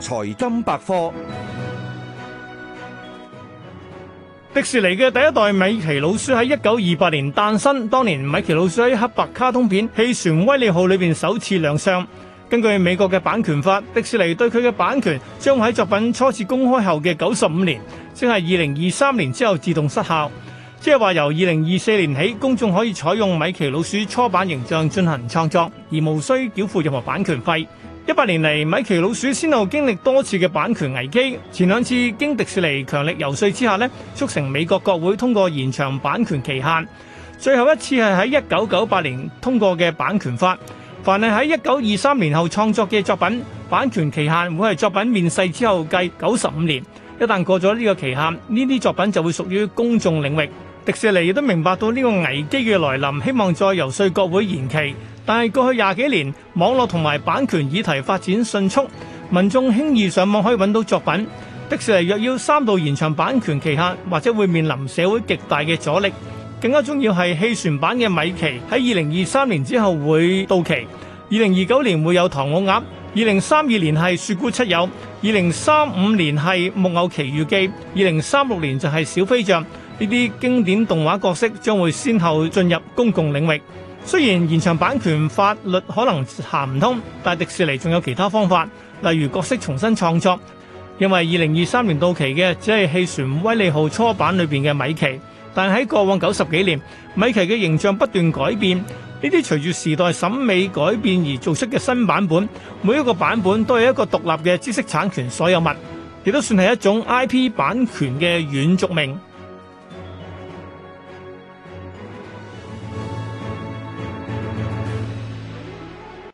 財金百科。迪士尼嘅第一代米奇老鼠喺一九二八年誕生，當年米奇老鼠喺黑白卡通片《汽船威利號》裏邊首次亮相。根據美國嘅版權法，迪士尼對佢嘅版權將喺作品初次公開後嘅九十五年，即係二零二三年之後自動失效。即係話由二零二四年起，公眾可以採用米奇老鼠初版形象進行創作，而無需繳付任何版權費。一百年嚟，米奇老鼠先後經歷多次嘅版權危機，前兩次經迪士尼強力遊說之下咧，促成美國國會通過延長版權期限。最後一次係喺一九九八年通過嘅版權法，凡係喺一九二三年後創作嘅作品，版權期限會係作品面世之後計九十五年。一旦過咗呢個期限，呢啲作品就會屬於公眾領域。迪士尼亦都明白到呢個危機嘅來臨，希望再遊說國會延期。但係過去廿幾年，網絡同埋版權議題發展迅速，民眾輕易上網可以揾到作品。迪士尼若要三度延長版權期限，或者會面臨社會極大嘅阻力。更加重要係汽船版嘅米奇喺二零二三年之後會到期，二零二九年會有唐老鴨，二零三二年係雪姑七友，二零三五年係木偶奇遇記，二零三六年就係小飛象。呢啲經典動畫角色將會先後進入公共領域。雖然延長版權法律可能行唔通，但迪士尼仲有其他方法，例如角色重新創作。因為二零二三年到期嘅只係《汽船威利號》初版裏面嘅米奇，但喺過往九十幾年，米奇嘅形象不斷改變。呢啲隨住時代審美改變而做出嘅新版本，每一個版本都有一個獨立嘅知識產權所有物，亦都算係一種 IP 版權嘅軟續命。